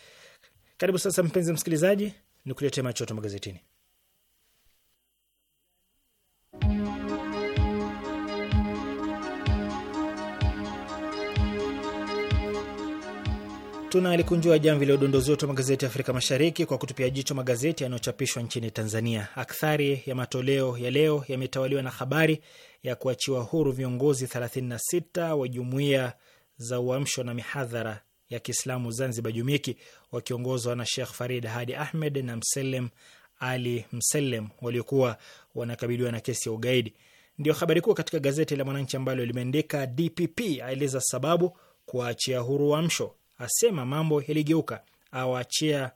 Karibu sasa, mpenzi msikilizaji, nikuletee machoto magazetini. Tunalikunjua jamvi la udondozi wetu wa magazeti ya Afrika Mashariki kwa kutupia jicho magazeti yanayochapishwa nchini Tanzania. Akthari ya matoleo ya leo yametawaliwa na habari ya kuachiwa huru viongozi 36 wa jumuiya za Uamsho na Mihadhara ya Kiislamu Zanzibar, Jumiki, wakiongozwa na shekh Farid Hadi Ahmed na Mselem Ali Mselem, waliokuwa wanakabiliwa na kesi ya ugaidi. Ndio habari kuu katika gazeti la Mwananchi ambalo limeandika DPP aeleza sababu kuwaachia huru Uamsho asema mambo yaligeuka, awaachia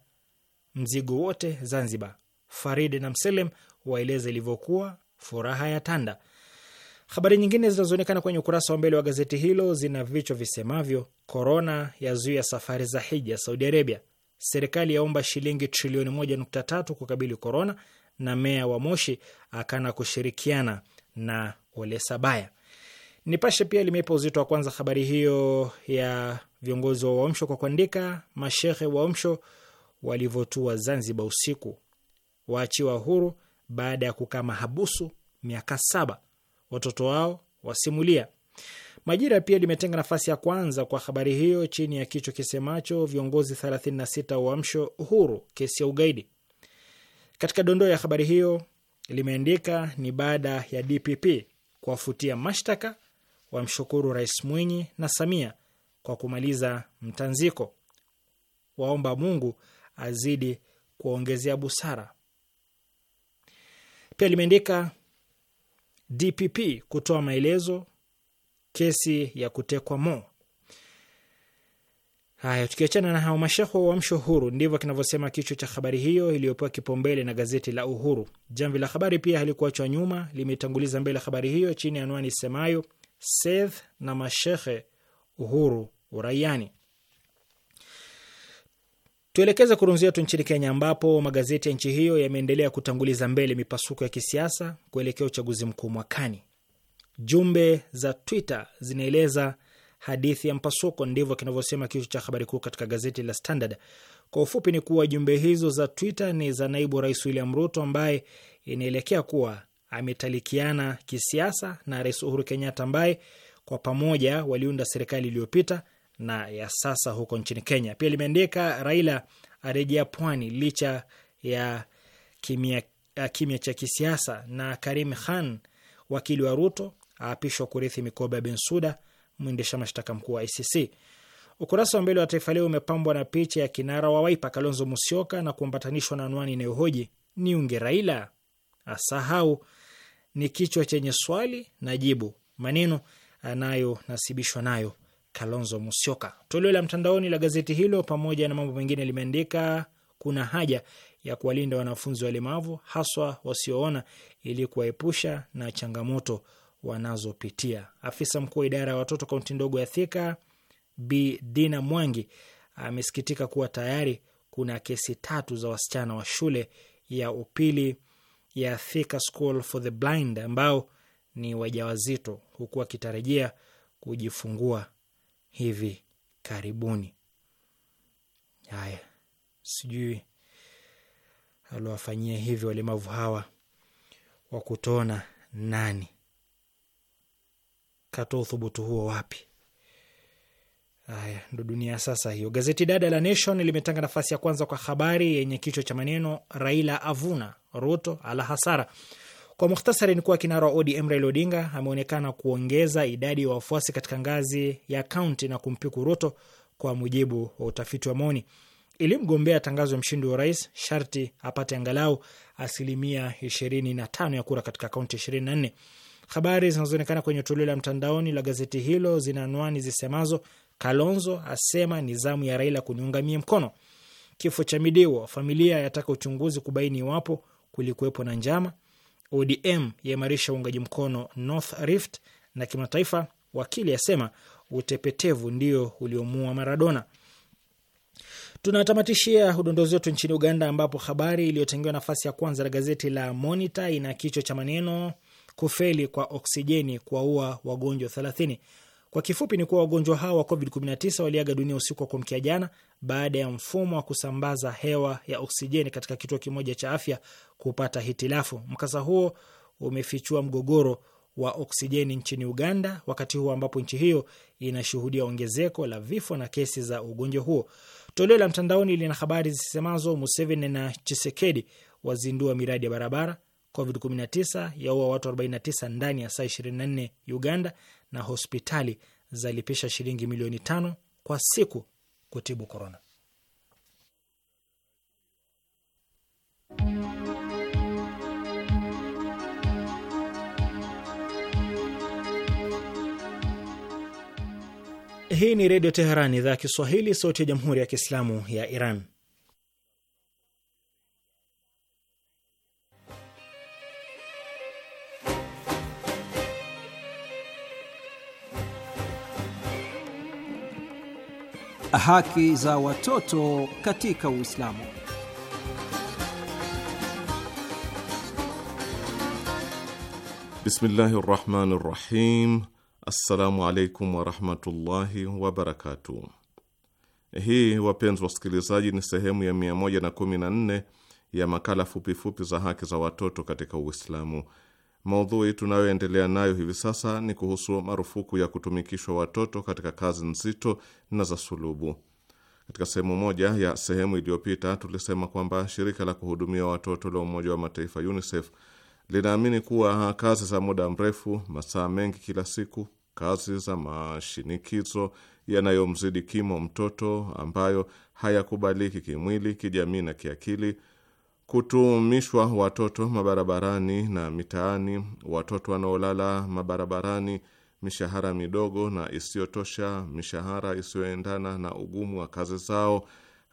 mzigo wote Zanzibar. Farid na Mselem waeleza ilivyokuwa furaha ya tanda. Habari nyingine zinazoonekana kwenye ukurasa wa mbele wa gazeti hilo zina vichwa visemavyo: korona yazuia safari za hija Saudi Arabia, serikali yaomba shilingi trilioni moja nukta tatu kukabili korona, na meya wa Moshi akana kushirikiana na Ole Sabaya. Nipashe pia limeipa uzito wa kwanza habari hiyo ya viongozi wa Waamsho kwa kuandika mashehe wa Waamsho walivyotua Zanzibar usiku, waachiwa huru baada ya kukaa mahabusu miaka saba, watoto wao wasimulia. Majira pia limetenga nafasi ya kwanza kwa habari hiyo chini ya kichwa kisemacho viongozi 36 Waamsho huru kesi ya ugaidi. Katika dondoo ya habari hiyo limeandika ni baada ya DPP kuwafutia mashtaka, wamshukuru Rais Mwinyi na Samia kwa kumaliza mtanziko. Waomba Mungu azidi kuongezea busara. Pia limeandika DPP kutoa maelezo kesi ya kutekwa Mo. Haya, tukiachana na hao mashekho wa Amsho Huru, ndivyo kinavyosema kichwa cha habari hiyo iliyopewa kipaumbele na gazeti la Uhuru. Jamvi la Habari pia halikuachwa nyuma, limetanguliza mbele habari hiyo chini ya anwani semayo Seth na mashekhe uhuru uraiani. Tuelekeze kurunzi yetu nchini Kenya, ambapo magazeti ya nchi hiyo yameendelea kutanguliza mbele mipasuko ya kisiasa kuelekea uchaguzi mkuu mwakani. Jumbe za Twitter zinaeleza hadithi ya mpasuko, ndivyo kinavyosema kichwa cha habari kuu katika gazeti la Standard. Kwa ufupi ni kuwa jumbe hizo za Twitter ni za naibu rais William Ruto ambaye inaelekea kuwa ametalikiana kisiasa na rais Uhuru Kenyatta ambaye kwa pamoja waliunda serikali iliyopita na ya sasa huko nchini Kenya. Pia limeandika Raila arejea pwani licha ya kimya, kimya cha kisiasa, na Karim Khan wakili wa Ruto aapishwa kurithi mikoba ya Bensuda, mwendesha mashtaka mkuu wa ICC. Ukurasa wa mbele wa Taifa Leo umepambwa na picha ya kinara wa Waipa Kalonzo Musyoka na kuambatanishwa na anwani inayohoji niunge Raila asahau, ni kichwa chenye swali na jibu, maneno anayonasibishwa eh, nayo Kalonzo Musyoka. Toleo la mtandaoni la gazeti hilo pamoja na mambo mengine limeandika kuna haja ya kuwalinda wanafunzi walemavu haswa wasioona ili kuwaepusha na changamoto wanazopitia. Afisa mkuu wa idara ya watoto kaunti ndogo ya Thika Bi Dina Mwangi amesikitika kuwa tayari kuna kesi tatu za wasichana wa shule ya upili ya Thika School for the Blind ambao ni wajawazito, huku wakitarajia kujifungua hivi karibuni. Haya, sijui aliwafanyia hivi walemavu hawa wa kutona nani? Katoa uthubutu huo wapi? Haya, ndo dunia sasa hiyo. Gazeti dada la Nation limetanga nafasi ya kwanza kwa habari yenye kichwa cha maneno Raila avuna, Ruto ala hasara. Kwa muhtasari ni kuwa kinara wa ODM Raila Odinga ameonekana kuongeza idadi ya wafuasi katika ngazi ya kaunti na kumpiku Ruto, kwa mujibu wa utafiti wa maoni. Ili mgombea atangazwe mshindi wa urais, sharti apate angalau asilimia 25 ya kura katika kaunti 24. Habari zinazoonekana kwenye toleo la mtandaoni la gazeti hilo zina anwani zisemazo: Kalonzo asema ni zamu ya Raila kuniungamia mkono, kifo cha Midiwo, familia yataka uchunguzi kubaini iwapo kulikuwepo na njama ODM yaimarisha uungaji mkono North Rift, na kimataifa wakili asema utepetevu ndio uliomua Maradona. Tunatamatishia udondozi wetu nchini Uganda, ambapo habari iliyotengewa nafasi ya kwanza la gazeti la Monitor ina kichwa cha maneno kufeli kwa oksijeni kuwaua wagonjwa thelathini. Kwa kifupi ni kuwa wagonjwa hao wa COVID-19 waliaga dunia usiku wa kuamkia jana baada ya mfumo wa kusambaza hewa ya oksijeni katika kituo kimoja cha afya kupata hitilafu. Mkasa huo umefichua mgogoro wa oksijeni nchini Uganda wakati huo ambapo nchi hiyo inashuhudia ongezeko la vifo na kesi za ugonjwa huo. Toleo la mtandaoni lina habari zisemazo Museveni na Chisekedi wazindua miradi ya barabara, COVID-19 yaua watu 49 ndani ya saa 24 Uganda, na hospitali zalipisha shilingi milioni tano kwa siku kutibu korona. Hii ni Redio Teheran, idhaa ya Kiswahili, sauti ya Jamhuri ya Kiislamu ya Iran. Haki za watoto katika Uislamu. Bismillahi rahmani rahim. Assalamu alaikum warahmatullahi wabarakatuh. Hii wapenzi wasikilizaji, ni sehemu ya 114 ya makala fupifupi fupi za haki za watoto katika Uislamu Maudhui tunayoendelea nayo hivi sasa ni kuhusu marufuku ya kutumikishwa watoto katika kazi nzito na za sulubu. Katika sehemu moja ya sehemu iliyopita tulisema kwamba shirika la kuhudumia watoto la Umoja wa Mataifa UNICEF linaamini kuwa kazi za muda mrefu, masaa mengi kila siku, kazi za mashinikizo yanayomzidi kimo mtoto, ambayo hayakubaliki kimwili, kijamii na kiakili kutumishwa watoto mabarabarani na mitaani, watoto wanaolala mabarabarani, mishahara midogo na isiyotosha, mishahara isiyoendana na ugumu wa kazi zao,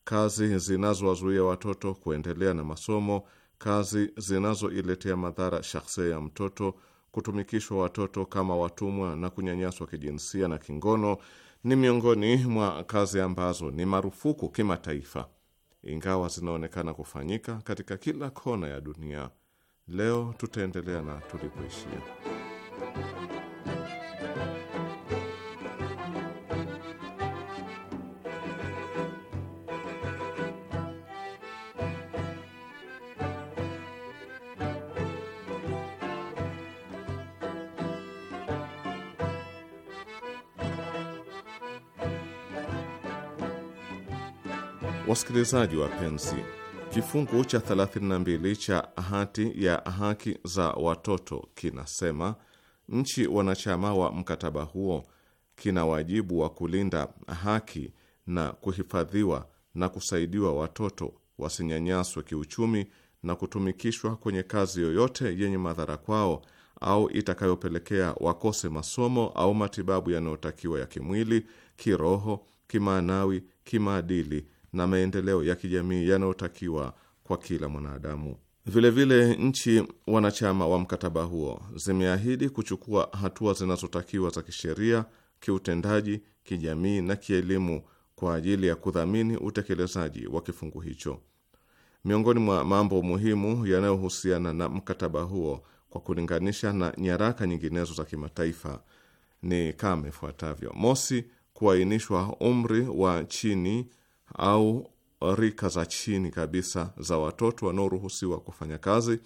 kazi zinazowazuia watoto kuendelea na masomo, kazi zinazoiletea madhara shakhsia ya mtoto, kutumikishwa watoto kama watumwa na kunyanyaswa kijinsia na kingono, ni miongoni mwa kazi ambazo ni marufuku kimataifa ingawa zinaonekana kufanyika katika kila kona ya dunia. Leo tutaendelea na tulipoishia. Wasikilizaji wapenzi, kifungu cha 32 cha hati ya haki za watoto kinasema nchi wanachama wa mkataba huo kina wajibu wa kulinda haki na kuhifadhiwa na kusaidiwa watoto wasinyanyaswe kiuchumi na kutumikishwa kwenye kazi yoyote yenye madhara kwao au itakayopelekea wakose masomo au matibabu yanayotakiwa ya kimwili, kiroho, kimaanawi, kimaadili na maendeleo ya kijamii yanayotakiwa kwa kila mwanadamu. Vilevile, nchi wanachama wa mkataba huo zimeahidi kuchukua hatua zinazotakiwa za kisheria, kiutendaji, kijamii na kielimu kwa ajili ya kudhamini utekelezaji wa kifungu hicho. Miongoni mwa mambo muhimu yanayohusiana na mkataba huo kwa kulinganisha na nyaraka nyinginezo za kimataifa ni kama ifuatavyo: mosi, kuainishwa umri wa chini au rika za chini kabisa za watoto wanaoruhusiwa kufanya kazi.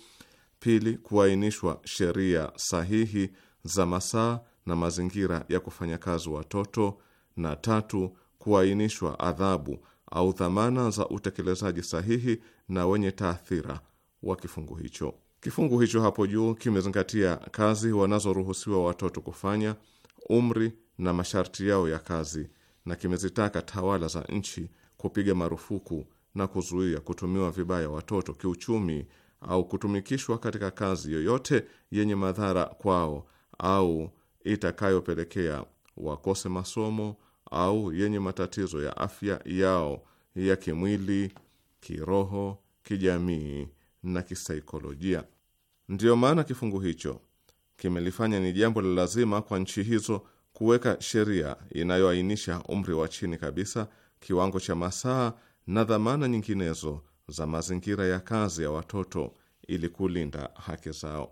Pili, kuainishwa sheria sahihi za masaa na mazingira ya kufanya kazi watoto, na tatu, kuainishwa adhabu au dhamana za utekelezaji sahihi na wenye taathira wa kifungu hicho. Kifungu hicho hapo juu kimezingatia kazi wanazoruhusiwa watoto kufanya, umri na masharti yao ya kazi, na kimezitaka tawala za nchi kupiga marufuku na kuzuia kutumiwa vibaya watoto kiuchumi au kutumikishwa katika kazi yoyote yenye madhara kwao au itakayopelekea wakose masomo au yenye matatizo ya afya yao ya kimwili, kiroho, kijamii na kisaikolojia. Ndiyo maana kifungu hicho kimelifanya ni jambo la lazima kwa nchi hizo kuweka sheria inayoainisha umri wa chini kabisa kiwango cha masaa na dhamana nyinginezo za mazingira ya kazi ya watoto ili kulinda haki zao.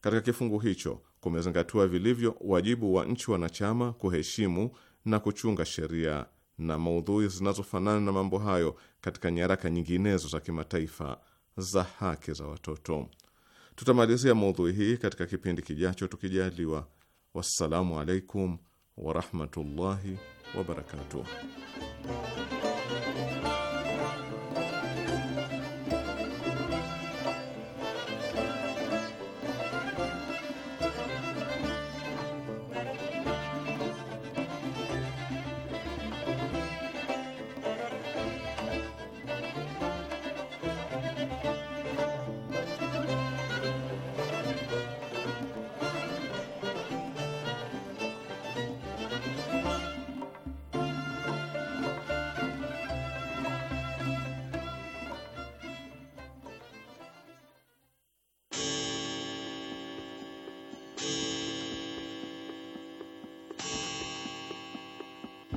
Katika kifungu hicho kumezingatiwa vilivyo wajibu wa nchi wanachama kuheshimu na kuchunga sheria na maudhui zinazofanana na mambo hayo katika nyaraka nyinginezo za kimataifa za haki za watoto. Tutamalizia maudhui hii katika kipindi kijacho tukijaliwa. Wassalamu alaikum ورحمه الله وبركاته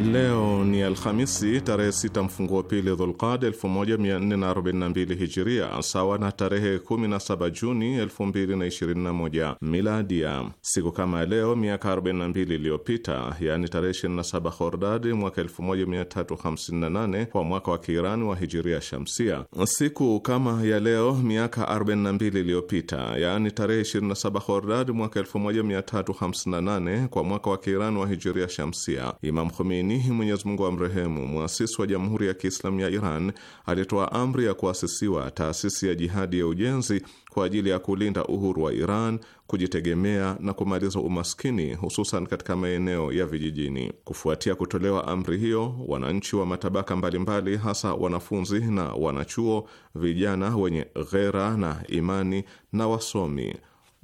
Leo ni Alhamisi tarehe 6 mfunguo pili Dhulqad 1442 Hijiria, sawa na tarehe 17 Juni 2021 Miladia. Siku kama leo miaka 42 iliyopita, yani tarehe 27 Khordad mwaka 1358 kwa mwaka wa Kiirani wa Hijiria Shamsia, siku kama ya leo miaka 42 iliyopita, yani tarehe 27 Khordad mwaka 1358 kwa mwaka wa Kiirani wa Hijiria Shamsia, Imam Khomeini Khomeini, Mwenyezi Mungu amrehemu, mwasisi wa Jamhuri ya Kiislamu ya Iran, alitoa amri ya kuasisiwa taasisi ya jihadi ya ujenzi kwa ajili ya kulinda uhuru wa Iran, kujitegemea na kumaliza umaskini, hususan katika maeneo ya vijijini. Kufuatia kutolewa amri hiyo, wananchi wa matabaka mbalimbali, hasa wanafunzi na wanachuo, vijana wenye ghera na imani na wasomi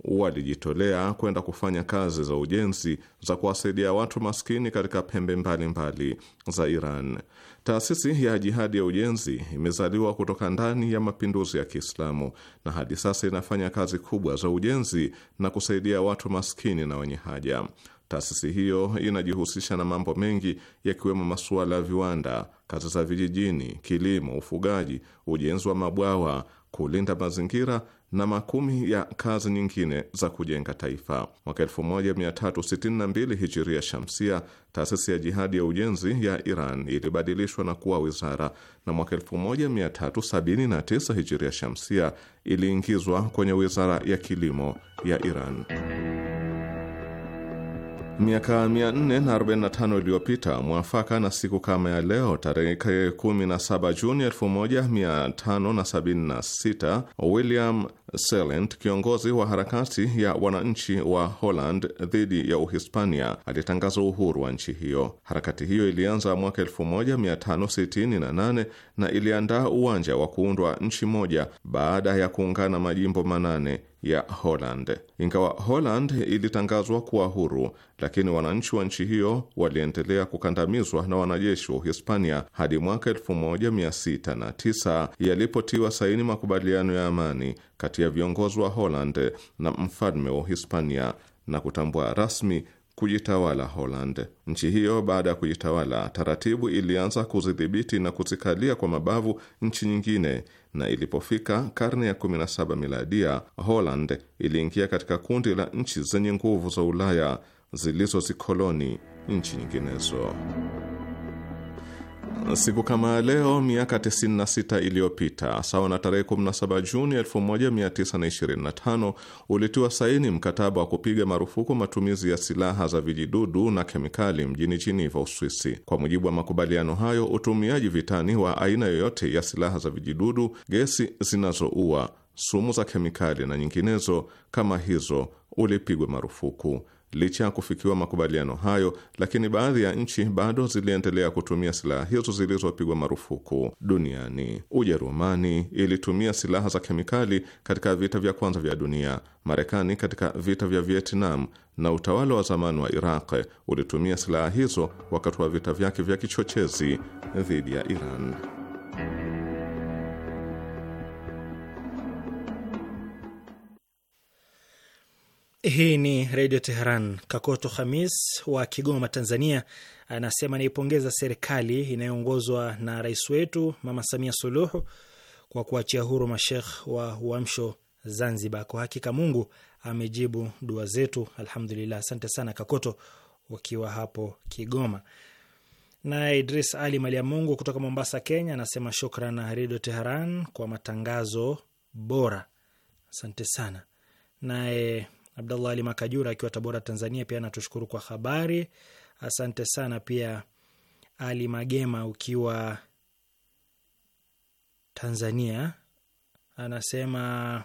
walijitolea kwenda kufanya kazi za ujenzi za kuwasaidia watu maskini katika pembe mbalimbali mbali za Iran. Taasisi ya Jihadi ya Ujenzi imezaliwa kutoka ndani ya mapinduzi ya Kiislamu na hadi sasa inafanya kazi kubwa za ujenzi na kusaidia watu maskini na wenye haja. Taasisi hiyo inajihusisha na mambo mengi yakiwemo masuala ya viwanda, kazi za vijijini, kilimo, ufugaji, ujenzi wa mabwawa, kulinda mazingira na makumi ya kazi nyingine za kujenga taifa. Mwaka 1362 hijiria shamsia, taasisi ya jihadi ya ujenzi ya Iran ilibadilishwa na kuwa wizara, na mwaka 1379 hijiria shamsia iliingizwa kwenye wizara ya kilimo ya Iran. Miaka 445 iliyopita mwafaka na siku kama ya leo tarehe 17 Juni 1576, William Selent, kiongozi wa harakati ya wananchi wa Holland dhidi ya Uhispania, alitangaza uhuru wa nchi hiyo. Harakati hiyo ilianza mwaka 1568 na, na iliandaa uwanja wa kuundwa nchi moja baada ya kuungana majimbo manane ya Holland. Ingawa Holland ilitangazwa kuwa huru, lakini wananchi wa nchi hiyo waliendelea kukandamizwa na wanajeshi wa Uhispania hadi mwaka 1609 yalipotiwa saini makubaliano ya amani kati ya viongozi wa Holland na mfalme wa Uhispania na kutambua rasmi kujitawala Holland. Nchi hiyo baada ya kujitawala taratibu, ilianza kuzidhibiti na kuzikalia kwa mabavu nchi nyingine na ilipofika karne ya 17 miladia, Holland iliingia katika kundi la nchi zenye nguvu za Ulaya zilizozikoloni nchi nyinginezo. Siku kama leo miaka 96 iliyopita, sawa na tarehe 17 Juni 1925, ulitiwa saini mkataba wa kupiga marufuku matumizi ya silaha za vijidudu na kemikali mjini Jiniva, Uswisi. Kwa mujibu wa makubaliano hayo, utumiaji vitani wa aina yoyote ya silaha za vijidudu, gesi zinazoua, sumu za kemikali na nyinginezo kama hizo ulipigwe marufuku. Licha ya kufikiwa makubaliano hayo, lakini baadhi ya nchi bado ziliendelea kutumia silaha hizo zilizopigwa marufuku duniani. Ujerumani ilitumia silaha za kemikali katika vita vya kwanza vya dunia, Marekani katika vita vya Vietnam, na utawala wa zamani wa Iraq ulitumia silaha hizo wakati wa vita vyake vya kichochezi dhidi ya Iran. Hii ni Redio Teheran. Kakoto Hamis wa Kigoma, Tanzania, anasema naipongeza serikali inayoongozwa na rais wetu Mama Samia Suluhu kwa kuachia huru mashekh wa Uamsho Zanzibar. Kwa hakika Mungu amejibu dua zetu, alhamdulillah. Asante sana Kakoto ukiwa hapo Kigoma. Naye Idris Ali Malia Mungu kutoka Mombasa, Kenya, anasema shukran na Redio Teheran kwa matangazo bora, asante sana. Naye Abdallah Ali Makajura akiwa Tabora, Tanzania, pia anatushukuru kwa habari. Asante sana. Pia Ali Magema ukiwa Tanzania anasema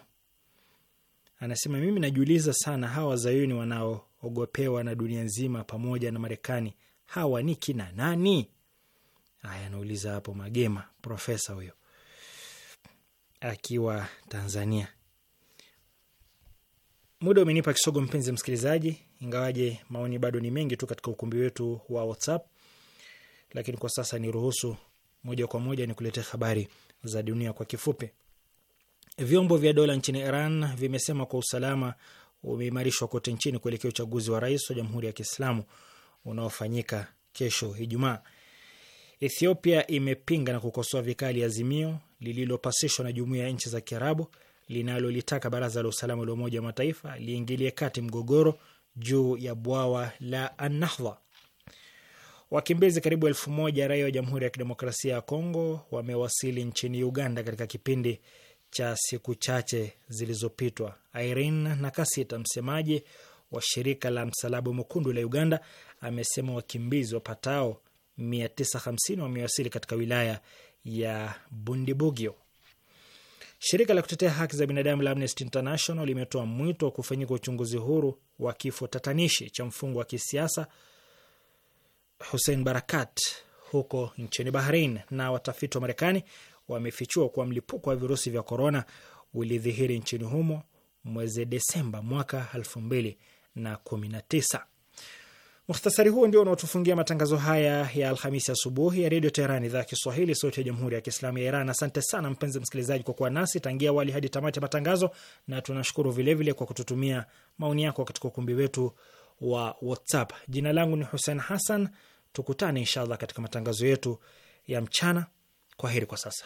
anasema mimi najiuliza sana hawa Zayuni wanaoogopewa na dunia nzima pamoja na Marekani, hawa ni kina nani? Aya, anauliza hapo Magema, profesa huyo akiwa Tanzania. Muda umenipa kisogo, mpenzi msikilizaji, ingawaje maoni bado ni mengi tu katika ukumbi wetu wa WhatsApp, lakini kwa sasa ruhusu moja kwa moja nikuletea habari za dunia kwa kifupi. Vyombo vya dola nchini Iran vimesema kwa usalama umeimarishwa kote nchini kuelekea uchaguzi wa rais wa Jamhuri ya Kiislamu unaofanyika kesho Ijumaa. Ethiopia imepinga na kukosoa vikali azimio lililopasishwa na Jumuiya ya Nchi za Kiarabu linalolitaka baraza la usalama la Umoja wa Mataifa liingilie kati mgogoro juu ya bwawa la Anahdha. Wakimbizi karibu elfu moja raia wa Jamhuri ya Kidemokrasia ya Kongo wamewasili nchini Uganda katika kipindi cha siku chache zilizopitwa. Irene Nakasita, msemaji wa shirika la Msalaba Mwekundu la Uganda, amesema wakimbizi wapatao 950 wamewasili katika wilaya ya Bundibugyo. Shirika la kutetea haki za binadamu la Amnesty International limetoa mwito wa kufanyika uchunguzi huru wa kifo tatanishi cha mfungwa wa kisiasa Hussein Barakat huko nchini Bahrain. Na watafiti wa Marekani wamefichua kuwa mlipuko wa virusi vya korona ulidhihiri nchini humo mwezi Desemba mwaka elfu mbili na kumi na tisa. Mukhtasari huo ndio unaotufungia matangazo haya ya Alhamisi asubuhi ya Redio Teheran, idhaa ya Kiswahili, sauti ya Jamhuri ya Kiislamu ya Iran. Asante sana mpenzi msikilizaji kwa kuwa nasi tangia awali hadi tamati ya matangazo, na tunashukuru vilevile kwa kututumia maoni yako katika ukumbi wetu wa WhatsApp. Jina langu ni Hussein Hassan, tukutane inshallah katika matangazo yetu ya mchana. Kwa heri kwa sasa.